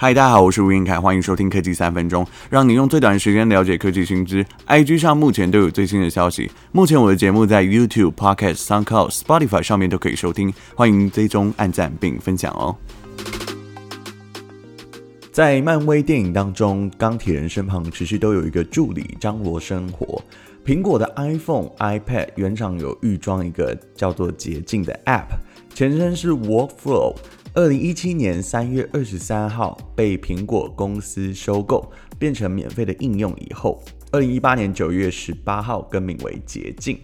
嗨，大家好，我是吳雲凱，歡迎收聽科技三分鐘，讓你用最短的時間了解科技新知。IG 上目前都有最新的消息。目前我的節目在 YouTube、Podcast、SoundCloud、Spotify 上面都可以收聽，歡迎追蹤、按讚並分享哦。在漫威電影當中，鋼鐵人身旁持續都有一個助理張羅生活。蘋果的 iPhone、iPad 原廠有預裝一個叫做“捷徑”的 App，前身是 Workflow。二零一七年三月二十三號被蘋果公司收購，變成免費的應用以後，二零一八年九月十八號更名為捷徑。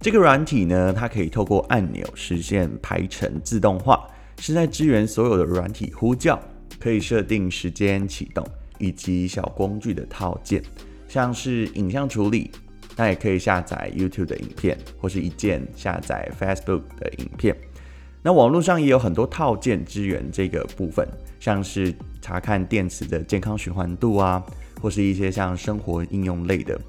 這個軟體呢，它可以透過按鈕實現排程自動化，是在支援所有的軟體呼叫，可以設定時間啟動以及小工具的套件，像是影像處理，那也可以下載 YouTube 的影片，或是一鍵下載 Facebook 的影片。那網絡上也有很多套件支援這個部分，像是查看電池的健康循環度啊，或是一些像生活應用類的，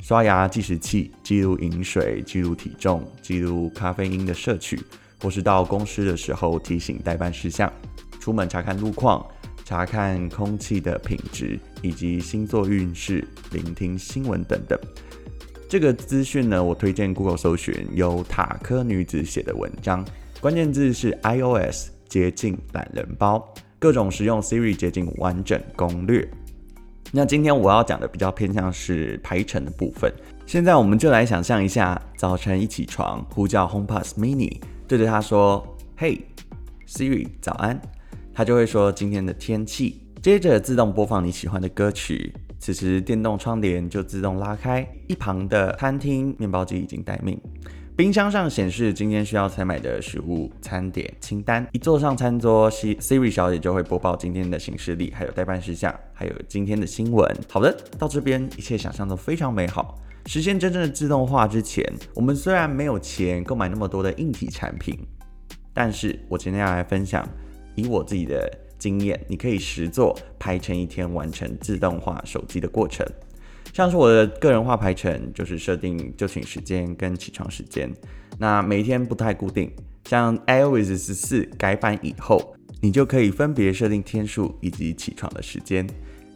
刷牙計時器、記錄飲水、記錄體重、記錄咖啡因的攝取，或是到公司的時候提醒待辦事項、出門查看路況、查看空氣的品質以及星座運勢、聆聽新聞等等。這個資訊呢，我推薦 Google 搜尋由塔科女子寫的文章。關鍵字是 iOS 捷徑懶人包，各種使用 Siri 捷徑完整攻略。那今天我要講的比較偏向是排程的部分。現在我們就來想象一下，早晨一起床，呼叫 Home Pass Mini，對着它說：“嘿、hey,，Siri，早安。”它就會說今天的天氣，接着自動播放你喜歡的歌曲。此時電動窗簾就自動拉開，一旁的餐廳面包機已經待命。冰箱上顯示今天需要採買的食物餐點清單。一坐上餐桌、S、，Siri 小姐就會播報今天的行事曆，還有待辦事項，還有今天的新聞。好的，到這邊一切想象都非常美好。實現真正的自動化之前，我們雖然沒有錢購買那麼多的硬體產品，但是我今天要來分享以我自己的經驗，你可以實作排成一天完成自動化手機的過程。像是我的個人化排程，就是設定就寢時間跟起床時間。那每一天不太固定。像 iOS 十四改版以後，你就可以分別設定天數以及起床的時間。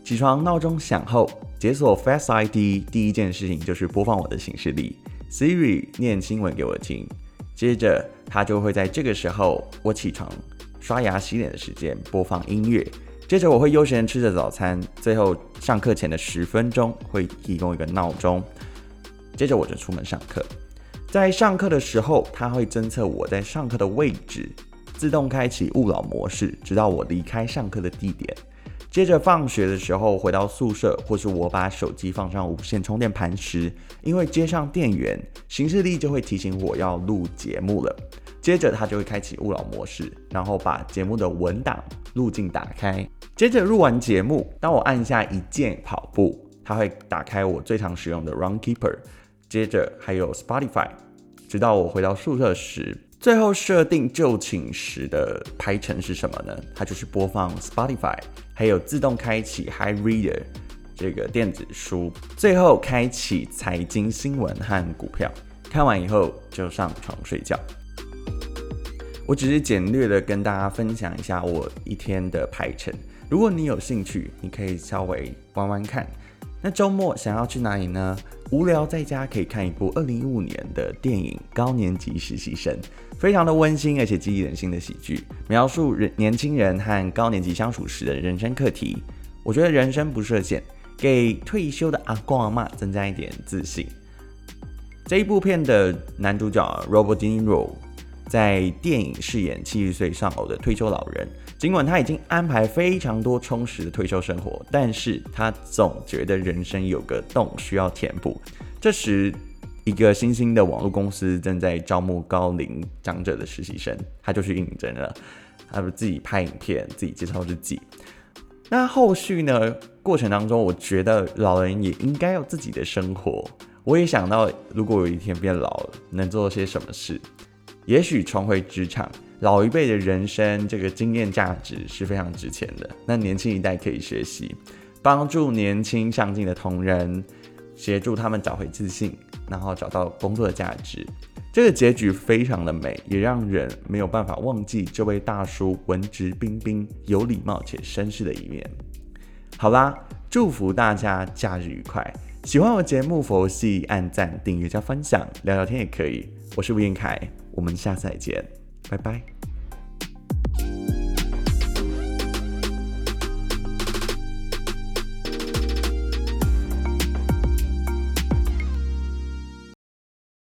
起床鬧鐘響後，解鎖 Face ID，第一件事情就是播放我的行事曆。Siri 念新聞給我聽，接着他就會在這個時候，我起床、刷牙、洗臉的時間播放音樂。接着我會悠閒吃着早餐，最後上課前的十分鐘會提供一個鬧鐘。接着我就出門上課，在上課的時候，它會偵測我在上課的位置，自動開啟勿擾模式，直到我離開上課的地點。接着放學的時候回到宿舍，或是我把手機放上無線充電盤時，因為接上電源，行事曆就會提醒我要錄節目了。接着它就會開啟勿擾模式，然後把節目的文檔路徑打開。接着錄完節目，當我按下一鍵跑步，它會打開我最常使用的 Runkeeper。接着還有 Spotify，直到我回到宿舍時，最後設定就寢時的排程是什麼呢？它就是播放 Spotify，還有自動開啟 High Reader 這個電子書，最後開啟財經新聞和股票，看完以後就上床睡覺。我只是簡略的跟大家分享一下我一天的排程，如果你有興趣，你可以稍微玩玩看。那周末想要去哪裡呢？無聊在家可以看一部二零一五年的電影《高年級實習生》，非常的溫馨而且激勵人心的喜劇，描述人年輕人和高年級相處時的人生課題。我覺得人生不設限，給退休的阿公阿嬤增加一點自信。這一部片的男主角 Robert De Niro。l l 在電影飾演七十歲喪偶的退休老人，儘管他已經安排非常多充實的退休生活，但是他總覺得人生有個洞需要填補。這時，一個新興的網絡公司正在招募高齡長者的實習生，他就去應徵了。他不自己拍影片，自己介紹自己。那後續呢？過程當中，我覺得老人也應該有自己的生活。我也想到，如果有一天變老了，能做些什麼事？也許重回職場，老一輩的人生這個經驗價值是非常值錢的。那年輕一代可以學習，幫助年輕上進的同仁，協助他們找回自信，然後找到工作的價值。這個結局非常的美，也讓人沒有辦法忘記這位大叔文質彬彬、有禮貌且紳士的一面。好啦，祝福大家假日愉快！喜歡我節目，佛系按讚、訂閱加分享，聊聊天也可以。我是吳彥凱。我們下次再見，拜拜。